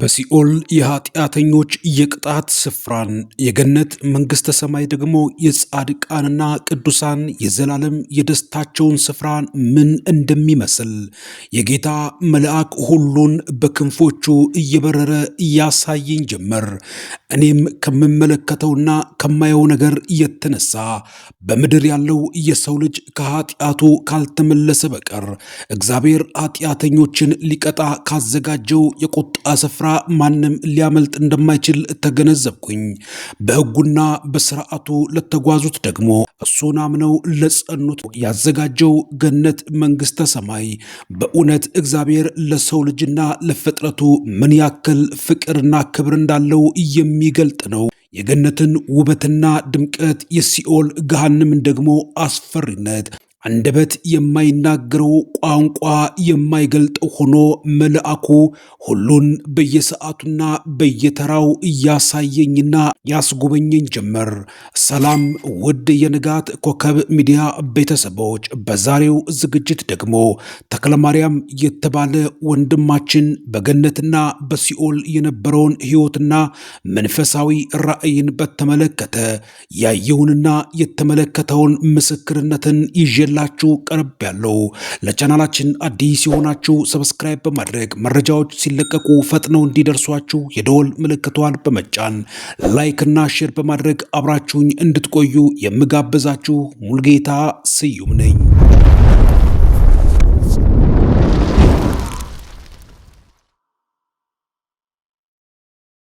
በሲኦል የኃጢአተኞች የቅጣት ስፍራን የገነት መንግሥተ ሰማይ ደግሞ የጻድቃንና ቅዱሳን የዘላለም የደስታቸውን ስፍራን ምን እንደሚመስል የጌታ መልአክ ሁሉን በክንፎቹ እየበረረ እያሳየኝ ጀመር። እኔም ከምመለከተውና ከማየው ነገር የተነሳ በምድር ያለው የሰው ልጅ ከኃጢአቱ ካልተመለሰ በቀር እግዚአብሔር ኃጢአተኞችን ሊቀጣ ካዘጋጀው የቁጣ ስፍራ ስፍራ ማንም ሊያመልጥ እንደማይችል ተገነዘብኩኝ። በህጉና በስርዓቱ ለተጓዙት ደግሞ እሱን አምነው ለጸኑት ያዘጋጀው ገነት መንግስተ ሰማይ በእውነት እግዚአብሔር ለሰው ልጅና ለፍጥረቱ ምን ያክል ፍቅርና ክብር እንዳለው የሚገልጥ ነው። የገነትን ውበትና ድምቀት፣ የሲኦል ገሃንምን ደግሞ አስፈሪነት አንደበት የማይናገረው ቋንቋ የማይገልጠው ሆኖ መልአኩ ሁሉን በየሰዓቱና በየተራው እያሳየኝና ያስጎበኘኝ ጀመር። ሰላም ውድ የንጋት ኮከብ ሚዲያ ቤተሰቦች፣ በዛሬው ዝግጅት ደግሞ ተክለማርያም የተባለ ወንድማችን በገነትና በሲኦል የነበረውን ሕይወትና መንፈሳዊ ራዕይን በተመለከተ ያየውንና የተመለከተውን ምስክርነትን ይዤ ይዤላችሁ ቀርብ ያለው። ለቻናላችን አዲስ የሆናችሁ ሰብስክራይብ በማድረግ መረጃዎች ሲለቀቁ ፈጥነው እንዲደርሷችሁ የደወል ምልክቷን በመጫን ላይክና ሼር በማድረግ አብራችሁኝ እንድትቆዩ የምጋብዛችሁ ሙልጌታ ስዩም ነኝ።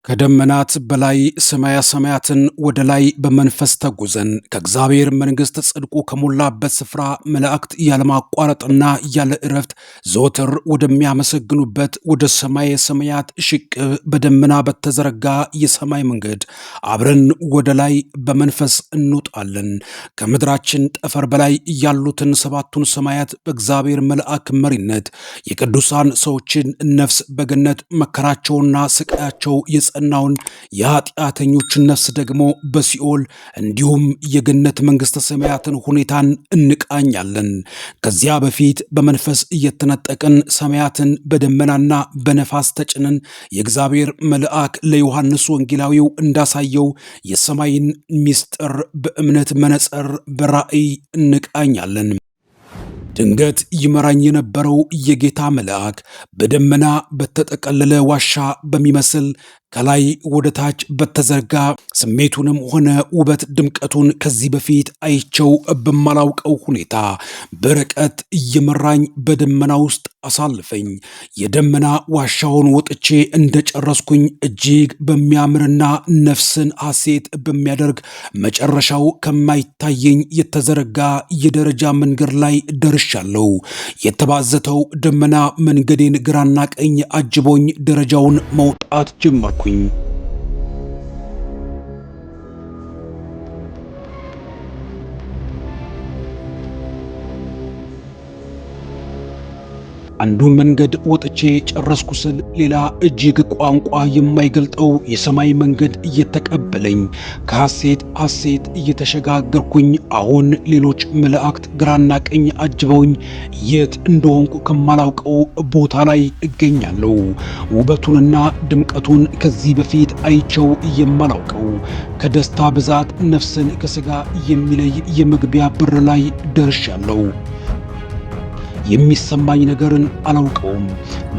ከደመናት በላይ ሰማያ ሰማያትን ወደ ላይ በመንፈስ ተጉዘን ከእግዚአብሔር መንግሥት ጽድቁ ከሞላበት ስፍራ መላእክት ያለማቋረጥና ያለ እረፍት ዘወትር ወደሚያመሰግኑበት ወደ ሰማየ ሰማያት ሽቅብ በደመና በተዘረጋ የሰማይ መንገድ አብረን ወደ ላይ በመንፈስ እንውጣለን። ከምድራችን ጠፈር በላይ ያሉትን ሰባቱን ሰማያት በእግዚአብሔር መልአክ መሪነት የቅዱሳን ሰዎችን ነፍስ በገነት መከራቸውና ስቃያቸው የኃጢአተኞችን ነፍስ ደግሞ በሲኦል እንዲሁም የገነት መንግሥተ ሰማያትን ሁኔታን እንቃኛለን። ከዚያ በፊት በመንፈስ እየተነጠቅን ሰማያትን በደመናና በነፋስ ተጭነን የእግዚአብሔር መልአክ ለዮሐንስ ወንጌላዊው እንዳሳየው የሰማይን ምስጢር በእምነት መነጽር በራእይ እንቃኛለን። ድንገት ይመራኝ የነበረው የጌታ መልአክ በደመና በተጠቀለለ ዋሻ በሚመስል ከላይ ወደ ታች በተዘረጋ ስሜቱንም ሆነ ውበት ድምቀቱን ከዚህ በፊት አይቸው በማላውቀው ሁኔታ በርቀት እየመራኝ በደመና ውስጥ አሳልፈኝ የደመና ዋሻውን ወጥቼ እንደጨረስኩኝ እጅግ በሚያምርና ነፍስን ሐሴት በሚያደርግ መጨረሻው ከማይታየኝ የተዘረጋ የደረጃ መንገድ ላይ ደርሻለሁ። የተባዘተው ደመና መንገዴን ግራና ቀኝ አጅቦኝ ደረጃውን መውጣት ጀመርኩ። Queen አንዱን መንገድ ወጥቼ ጨረስኩ ስል ሌላ እጅግ ቋንቋ የማይገልጠው የሰማይ መንገድ እየተቀበለኝ ከሐሴት ሐሴት እየተሸጋገርኩኝ አሁን ሌሎች መላእክት ግራና ቀኝ አጅበውኝ የት እንደሆንኩ ከማላውቀው ቦታ ላይ እገኛለሁ። ውበቱንና ድምቀቱን ከዚህ በፊት አይቸው የማላውቀው ከደስታ ብዛት ነፍስን ከስጋ የሚለይ የመግቢያ በር ላይ ደርሻለሁ። የሚሰማኝ ነገርን አላውቀውም፣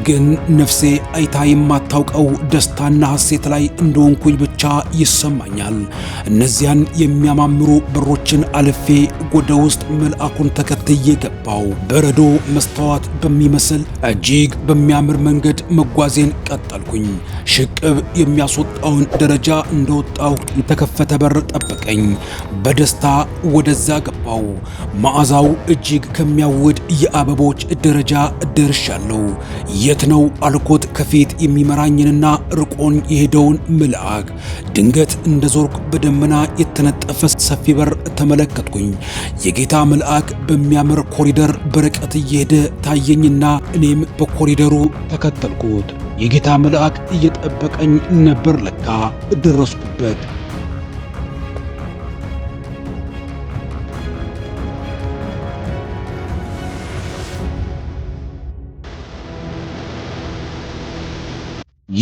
ግን ነፍሴ አይታ የማታውቀው ደስታና ሐሴት ላይ እንደሆንኩኝ ብቻ ይሰማኛል። እነዚያን የሚያማምሩ በሮችን አልፌ ወደ ውስጥ መልአኩን ተከትዬ ገባው። በረዶ መስተዋት በሚመስል እጅግ በሚያምር መንገድ መጓዜን ቀጠልኩኝ። ሽቅብ የሚያስወጣውን ደረጃ እንደወጣው የተከፈተ በር ጠበቀኝ። በደስታ ወደዛ ገባው። መዓዛው እጅግ ከሚያውድ የአበ አበቦች ደረጃ ደርሻለሁ። የት ነው አልኮት ከፊት የሚመራኝንና ርቆን የሄደውን መልአክ። ድንገት እንደ ዞርኩ በደመና የተነጠፈ ሰፊ በር ተመለከትኩኝ። የጌታ መልአክ በሚያምር ኮሪደር በርቀት እየሄደ ታየኝና እኔም በኮሪደሩ ተከተልኩት። የጌታ መልአክ እየጠበቀኝ ነበር። ለካ ደረስኩበት።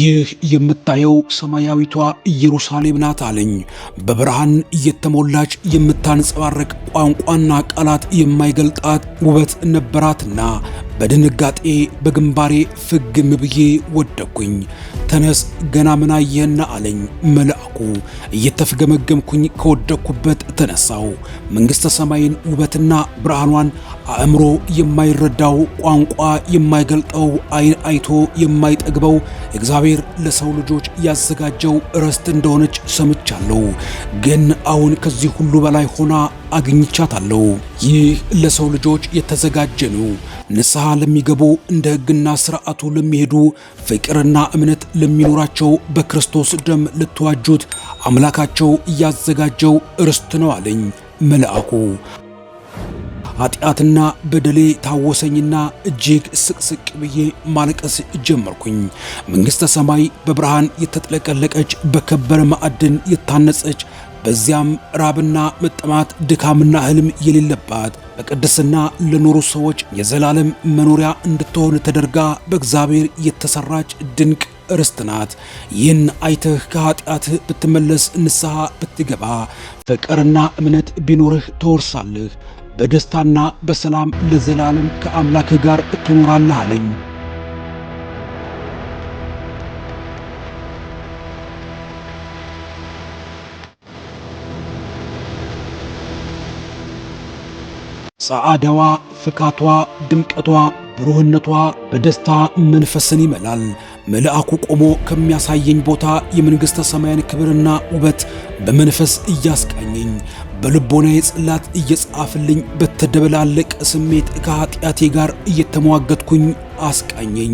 ይህ የምታየው ሰማያዊቷ ኢየሩሳሌም ናት አለኝ። በብርሃን እየተሞላች የምታንጸባረቅ ቋንቋና ቃላት የማይገልጣት ውበት ነበራትና በድንጋጤ በግንባሬ ፍግም ብዬ ወደኩኝ። ተነስ ገና ምን አየህና አለኝ መልአኩ። እየተፍገመገምኩኝ ከወደኩበት ተነሳው። መንግሥተ ሰማይን ውበትና ብርሃኗን አእምሮ የማይረዳው ቋንቋ የማይገልጠው ዓይን አይቶ የማይጠግበው እግዚአብሔር ለሰው ልጆች ያዘጋጀው ርስት እንደሆነች ሰምቻለሁ። ግን አሁን ከዚህ ሁሉ በላይ ሆና አግኝቻታለሁ። ይህ ለሰው ልጆች የተዘጋጀ ነው። ንስሐ ለሚገቡ እንደ ሕግና ስርዓቱ ለሚሄዱ ፍቅርና እምነት ለሚኖራቸው በክርስቶስ ደም ልትዋጁት አምላካቸው እያዘጋጀው ርስት ነው አለኝ መልአኩ። ኃጢአትና በደሌ ታወሰኝና እጅግ ስቅስቅ ብዬ ማልቀስ ጀመርኩኝ። መንግሥተ ሰማይ በብርሃን የተጥለቀለቀች በከበረ ማዕድን የታነጸች በዚያም ራብና መጠማት ድካምና ህልም የሌለባት በቅድስና ለኖሩ ሰዎች የዘላለም መኖሪያ እንድትሆን ተደርጋ በእግዚአብሔር የተሰራች ድንቅ ርስት ናት። ይህን አይተህ ከኃጢአት ብትመለስ፣ ንስሐ ብትገባ፣ ፍቅርና እምነት ቢኖርህ ትወርሳለህ። በደስታና በሰላም ለዘላለም ከአምላክህ ጋር ትኖራለህ አለኝ። ጸዓዳዋ፣ ፍካቷ፣ ድምቀቷ፣ ብሩህነቷ በደስታ መንፈስን ይመላል። መልአኩ ቆሞ ከሚያሳየኝ ቦታ የመንግሥተ ሰማያን ክብርና ውበት በመንፈስ እያስቃኘኝ በልቦና የጽላት እየጻፍልኝ በተደበላለቀ ስሜት ከኀጢአቴ ጋር እየተሟገትኩኝ አስቃኘኝ።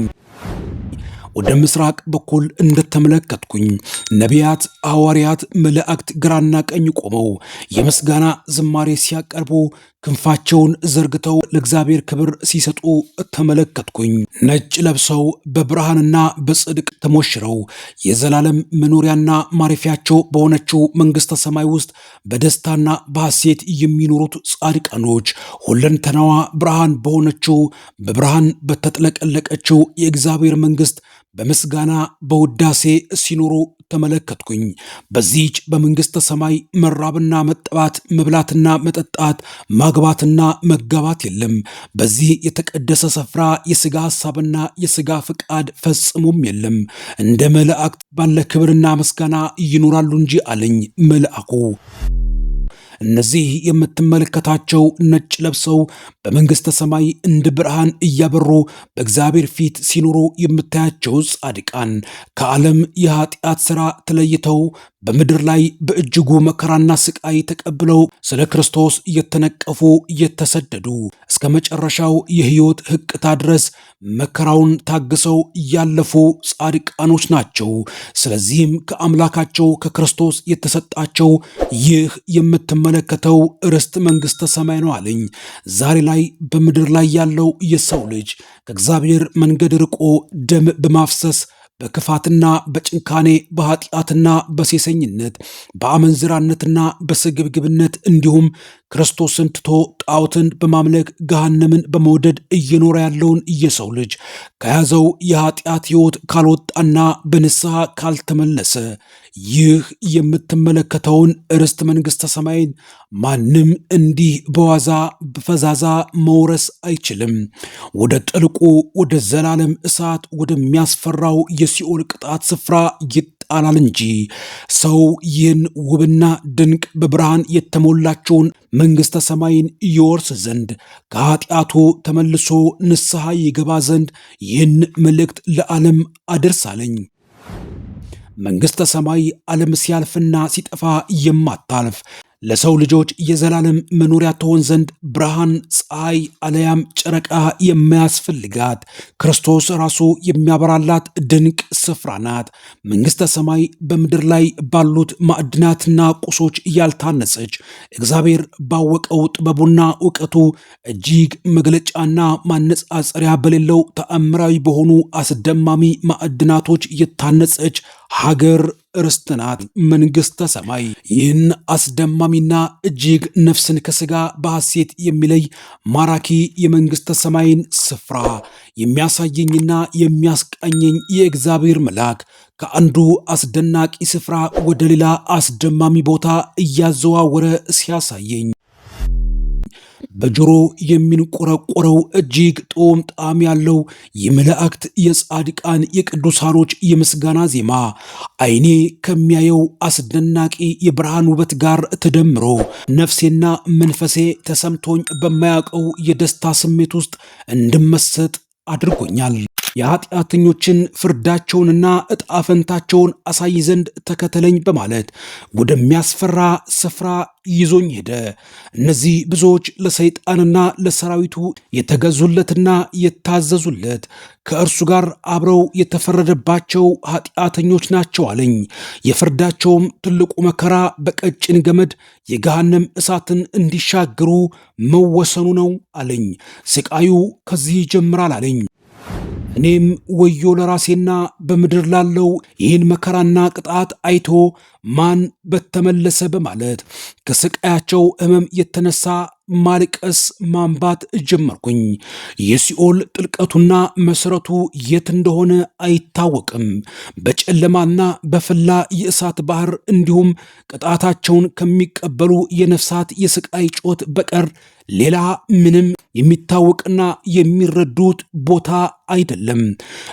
ወደ ምስራቅ በኩል እንደ ተመለከትኩኝ። ነቢያት፣ ሐዋርያት፣ መላእክት ግራና ቀኝ ቆመው የምስጋና ዝማሬ ሲያቀርቡ ክንፋቸውን ዘርግተው ለእግዚአብሔር ክብር ሲሰጡ ተመለከትኩኝ። ነጭ ለብሰው በብርሃንና በጽድቅ ተሞሽረው የዘላለም መኖሪያና ማረፊያቸው በሆነችው መንግሥተ ሰማይ ውስጥ በደስታና በሐሴት የሚኖሩት ጻድቃኖች ሁለንተናዋ ብርሃን በሆነችው በብርሃን በተጥለቀለቀችው የእግዚአብሔር መንግሥት በምስጋና በውዳሴ ሲኖሩ ተመለከትኩኝ። በዚች በመንግሥተ ሰማይ መራብና መጠባት፣ መብላትና መጠጣት፣ ማግባትና መጋባት የለም። በዚህ የተቀደሰ ስፍራ የሥጋ ሐሳብና የሥጋ ፍቃድ ፈጽሞም የለም። እንደ መላእክት ባለ ክብርና ምስጋና ይኖራሉ እንጂ አለኝ መልአኩ። እነዚህ የምትመለከታቸው ነጭ ለብሰው በመንግሥተ ሰማይ እንደ ብርሃን እያበሩ በእግዚአብሔር ፊት ሲኖሩ የምታያቸው ጻድቃን ከዓለም የኃጢአት ሥራ ተለይተው በምድር ላይ በእጅጉ መከራና ስቃይ ተቀብለው ስለ ክርስቶስ እየተነቀፉ እየተሰደዱ እስከ መጨረሻው የህይወት ህቅታ ድረስ መከራውን ታግሰው ያለፉ ጻድቃኖች ናቸው። ስለዚህም ከአምላካቸው ከክርስቶስ የተሰጣቸው ይህ የምትመለከተው ርስት መንግሥተ ሰማይ ነው አለኝ። ዛሬ ላይ በምድር ላይ ያለው የሰው ልጅ ከእግዚአብሔር መንገድ ርቆ ደም በማፍሰስ በክፋትና በጭንካኔ በኃጢአትና በሴሰኝነት በአመንዝራነትና በስግብግብነት እንዲሁም ክርስቶስን ትቶ ጣዖትን በማምለክ ገሃነምን በመውደድ እየኖረ ያለውን የሰው ልጅ ከያዘው የኃጢአት ሕይወት ካልወጣና በንስሐ ካልተመለሰ ይህ የምትመለከተውን ርስት መንግሥተ ሰማይን ማንም እንዲህ በዋዛ በፈዛዛ መውረስ አይችልም። ወደ ጥልቁ ወደ ዘላለም እሳት ወደሚያስፈራው የሲኦል ቅጣት ስፍራ ይጣላል እንጂ ሰው ይህን ውብና ድንቅ በብርሃን የተሞላቸውን መንግሥተ ሰማይን ይወርስ ዘንድ ከኃጢአቱ ተመልሶ ንስሐ ይገባ ዘንድ ይህን መልእክት ለዓለም አድርሳለኝ። መንግሥተ ሰማይ ዓለም ሲያልፍና ሲጠፋ የማታልፍ ለሰው ልጆች የዘላለም መኖሪያ ትሆን ዘንድ ብርሃን፣ ፀሐይ አለያም ጨረቃ የማያስፈልጋት ክርስቶስ ራሱ የሚያበራላት ድንቅ ስፍራ ናት። መንግሥተ ሰማይ በምድር ላይ ባሉት ማዕድናትና ቁሶች እያልታነጸች። እግዚአብሔር ባወቀው ጥበቡና እውቀቱ እጅግ መግለጫና ማነጻጸሪያ በሌለው ተአምራዊ በሆኑ አስደማሚ ማዕድናቶች እየታነጸች! ሀገር ርስት ናት መንግስተ ሰማይ። ይህን አስደማሚና እጅግ ነፍስን ከሥጋ በሐሴት የሚለይ ማራኪ የመንግስተ ሰማይን ስፍራ የሚያሳየኝና የሚያስቃኘኝ የእግዚአብሔር መልአክ ከአንዱ አስደናቂ ስፍራ ወደ ሌላ አስደማሚ ቦታ እያዘዋወረ ሲያሳየኝ በጆሮ የሚንቆረቆረው እጅግ ጦም ጣዕም ያለው የመላእክት የጻድቃን የቅዱሳኖች የምስጋና ዜማ ዓይኔ ከሚያየው አስደናቂ የብርሃን ውበት ጋር ተደምሮ ነፍሴና መንፈሴ ተሰምቶኝ በማያውቀው የደስታ ስሜት ውስጥ እንድመሰጥ አድርጎኛል። የኃጢአተኞችን ፍርዳቸውንና ዕጣ ፈንታቸውን አሳይ ዘንድ ተከተለኝ በማለት ወደሚያስፈራ ስፍራ ይዞኝ ሄደ። እነዚህ ብዙዎች ለሰይጣንና ለሰራዊቱ የተገዙለትና የታዘዙለት ከእርሱ ጋር አብረው የተፈረደባቸው ኃጢአተኞች ናቸው አለኝ። የፍርዳቸውም ትልቁ መከራ በቀጭን ገመድ የገሃነም እሳትን እንዲሻገሩ መወሰኑ ነው አለኝ። ስቃዩ ከዚህ ይጀምራል አለኝ። እኔም ወዮ ለራሴና በምድር ላለው ይህን መከራና ቅጣት አይቶ ማን በተመለሰ በማለት ከስቃያቸው ሕመም የተነሳ ማልቀስ ማንባት ጀመርኩኝ። የሲኦል ጥልቀቱና መሰረቱ የት እንደሆነ አይታወቅም። በጨለማና በፈላ የእሳት ባህር እንዲሁም ቅጣታቸውን ከሚቀበሉ የነፍሳት የስቃይ ጮት በቀር ሌላ ምንም የሚታወቅና የሚረዱት ቦታ አይደለም።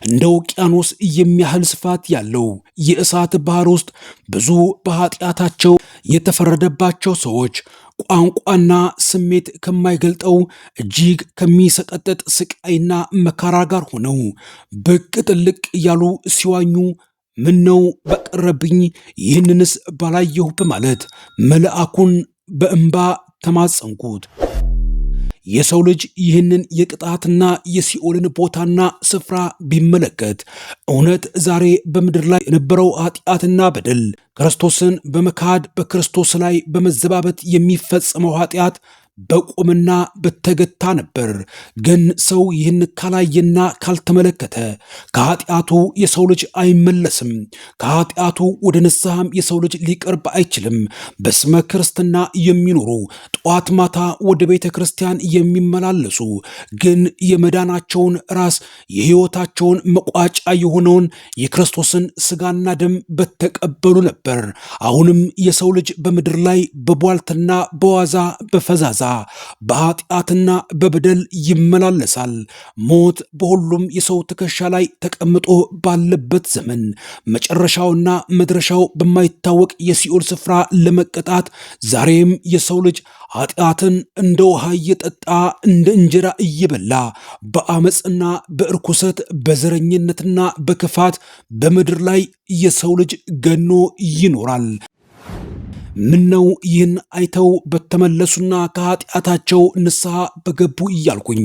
እንደ ውቅያኖስ የሚያህል ስፋት ያለው የእሳት ባህር ውስጥ ብዙ በኃጢአታቸው የተፈረደባቸው ሰዎች ቋንቋና ስሜት ከማይገልጠው እጅግ ከሚሰቀጥጥ ስቃይና መከራ ጋር ሆነው ብቅ ጥልቅ እያሉ ሲዋኙ ምን ነው በቀረብኝ ይህንንስ ባላየሁ በማለት መልአኩን በእንባ ተማጸንኩት። የሰው ልጅ ይህንን የቅጣትና የሲኦልን ቦታና ስፍራ ቢመለከት እውነት ዛሬ በምድር ላይ የነበረው ኃጢአትና በደል ክርስቶስን በመካድ በክርስቶስ ላይ በመዘባበት የሚፈጸመው ኃጢአት በቆምና በተገታ ነበር። ግን ሰው ይህን ካላየና ካልተመለከተ ከኃጢአቱ የሰው ልጅ አይመለስም። ከኃጢአቱ ወደ ንስሐም የሰው ልጅ ሊቀርብ አይችልም። በስመ ክርስትና የሚኖሩ ጠዋት ማታ ወደ ቤተ ክርስቲያን የሚመላለሱ ግን የመዳናቸውን ራስ የሕይወታቸውን መቋጫ የሆነውን የክርስቶስን ስጋና ደም በተቀበሉ ነበር። አሁንም የሰው ልጅ በምድር ላይ በቧልትና በዋዛ በፈዛዛ በኃጢአትና በበደል ይመላለሳል። ሞት በሁሉም የሰው ትከሻ ላይ ተቀምጦ ባለበት ዘመን መጨረሻውና መድረሻው በማይታወቅ የሲኦል ስፍራ ለመቀጣት ዛሬም የሰው ልጅ ኃጢአትን እንደ ውሃ እየጠጣ እንደ እንጀራ እየበላ በአመፅና በእርኩሰት በዘረኝነትና በክፋት በምድር ላይ የሰው ልጅ ገኖ ይኖራል። ነው ይህን አይተው በተመለሱና ከኃጢአታቸው ንስሐ በገቡ እያልኩኝ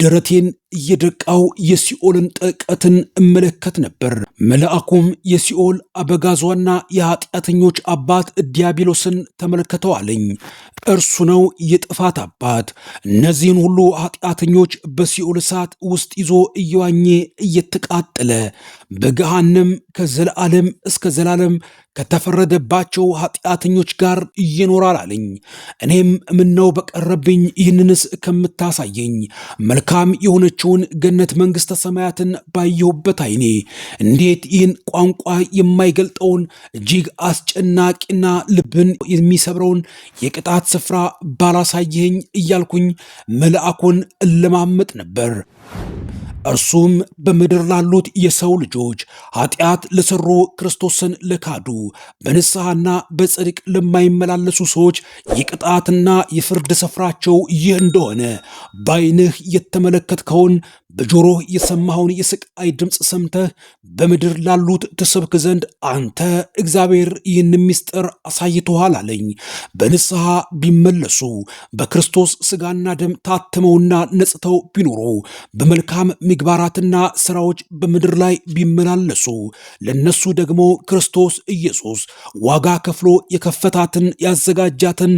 ደረቴን እየደቃው የሲኦልን ጥልቀትን እመለከት ነበር። መልአኩም የሲኦል አበጋዟና የኃጢአተኞች አባት ዲያብሎስን ተመልክተዋለኝ። እርሱ ነው የጥፋት አባት። እነዚህን ሁሉ ኃጢአተኞች በሲኦል እሳት ውስጥ ይዞ እየዋኘ እየተቃጠለ በገሃነም ከዘላለም እስከ ዘላለም ከተፈረደባቸው ኃጢአተኞች ጋር ይኖራል አለኝ። እኔም ምነው በቀረብኝ ይህንንስ ከምታሳየኝ መልካም የሆነችውን ገነት መንግሥተ ሰማያትን ባየሁበት ዓይኔ እንዴት ይህን ቋንቋ የማይገልጠውን እጅግ አስጨናቂና ልብን የሚሰብረውን የቅጣት ስፍራ ባላሳየኝ እያልኩኝ መልአኩን እለማመጥ ነበር። እርሱም በምድር ላሉት የሰው ልጆች ኃጢአት ለሰሩ ክርስቶስን ለካዱ በንስሐና በጽድቅ ለማይመላለሱ ሰዎች የቅጣትና የፍርድ ስፍራቸው ይህ እንደሆነ በዓይንህ የተመለከትከውን በጆሮ የሰማኸውን የስቃይ ድምፅ ሰምተህ በምድር ላሉት ትሰብክ ዘንድ አንተ እግዚአብሔር ይህን ምስጢር አሳይቶሃል አለኝ። በንስሐ ቢመለሱ በክርስቶስ ስጋና ደም ታትመውና ነጽተው ቢኖሩ በመልካም ምግባራትና ስራዎች በምድር ላይ ቢመላለሱ ለነሱ ደግሞ ክርስቶስ ኢየሱስ ዋጋ ከፍሎ የከፈታትን ያዘጋጃትን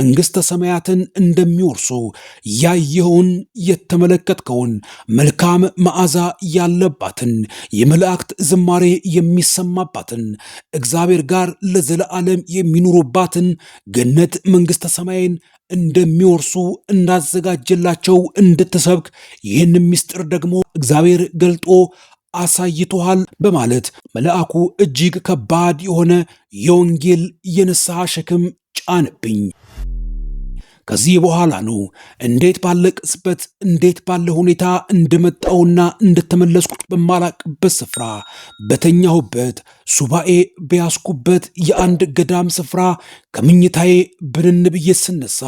መንግሥተ ሰማያትን እንደሚወርሱ ያየኸውን የተመለከትከውን መልካም መዓዛ ያለባትን የመላእክት ዝማሬ የሚሰማባትን እግዚአብሔር ጋር ለዘለዓለም የሚኖሩባትን ገነት መንግሥተ ሰማይን እንደሚወርሱ እንዳዘጋጀላቸው እንድትሰብክ ይህን ምስጢር ደግሞ እግዚአብሔር ገልጦ አሳይቶሃል በማለት መልአኩ እጅግ ከባድ የሆነ የወንጌል የንስሐ ሸክም ጫንብኝ። ከዚህ በኋላ ነው እንዴት ባለ ቅጽበት እንዴት ባለ ሁኔታ እንደመጣውና እንደተመለስኩት በማላቅበት ስፍራ በተኛሁበት ሱባኤ በያስኩበት የአንድ ገዳም ስፍራ ከምኝታዬ ብንን ብዬ ስነሳ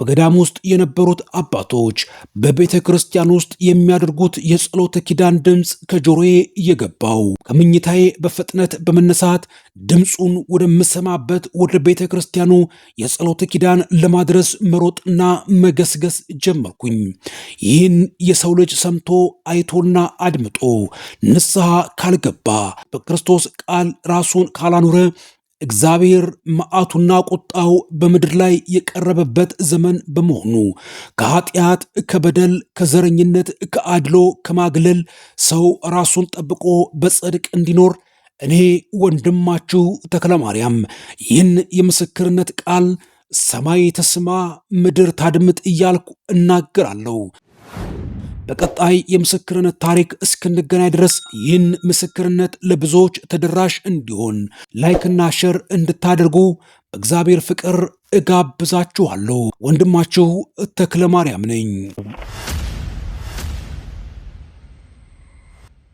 በገዳም ውስጥ የነበሩት አባቶች በቤተ ክርስቲያን ውስጥ የሚያደርጉት የጸሎተ ኪዳን ድምፅ ከጆሮዬ እየገባው ከምኝታዬ በፍጥነት በመነሳት ድምፁን ወደምሰማበት ወደ ቤተ ክርስቲያኑ የጸሎተ ኪዳን ለማድረስ መ መሮጥና መገስገስ ጀመርኩኝ። ይህን የሰው ልጅ ሰምቶ አይቶና አድምጦ ንስሐ ካልገባ በክርስቶስ ቃል ራሱን ካላኖረ እግዚአብሔር መዓቱና ቁጣው በምድር ላይ የቀረበበት ዘመን በመሆኑ ከኃጢአት፣ ከበደል፣ ከዘረኝነት፣ ከአድሎ፣ ከማግለል ሰው ራሱን ጠብቆ በጽድቅ እንዲኖር እኔ ወንድማችሁ ተክለ ማርያም ይህን የምስክርነት ቃል ሰማይ ተስማ ምድር ታድምጥ እያልኩ እናገራለሁ። በቀጣይ የምስክርነት ታሪክ እስክንገናኝ ድረስ ይህን ምስክርነት ለብዙዎች ተደራሽ እንዲሆን ላይክና ሸር እንድታደርጉ በእግዚአብሔር ፍቅር እጋብዛችኋለሁ። ወንድማችሁ ማርያም ነኝ።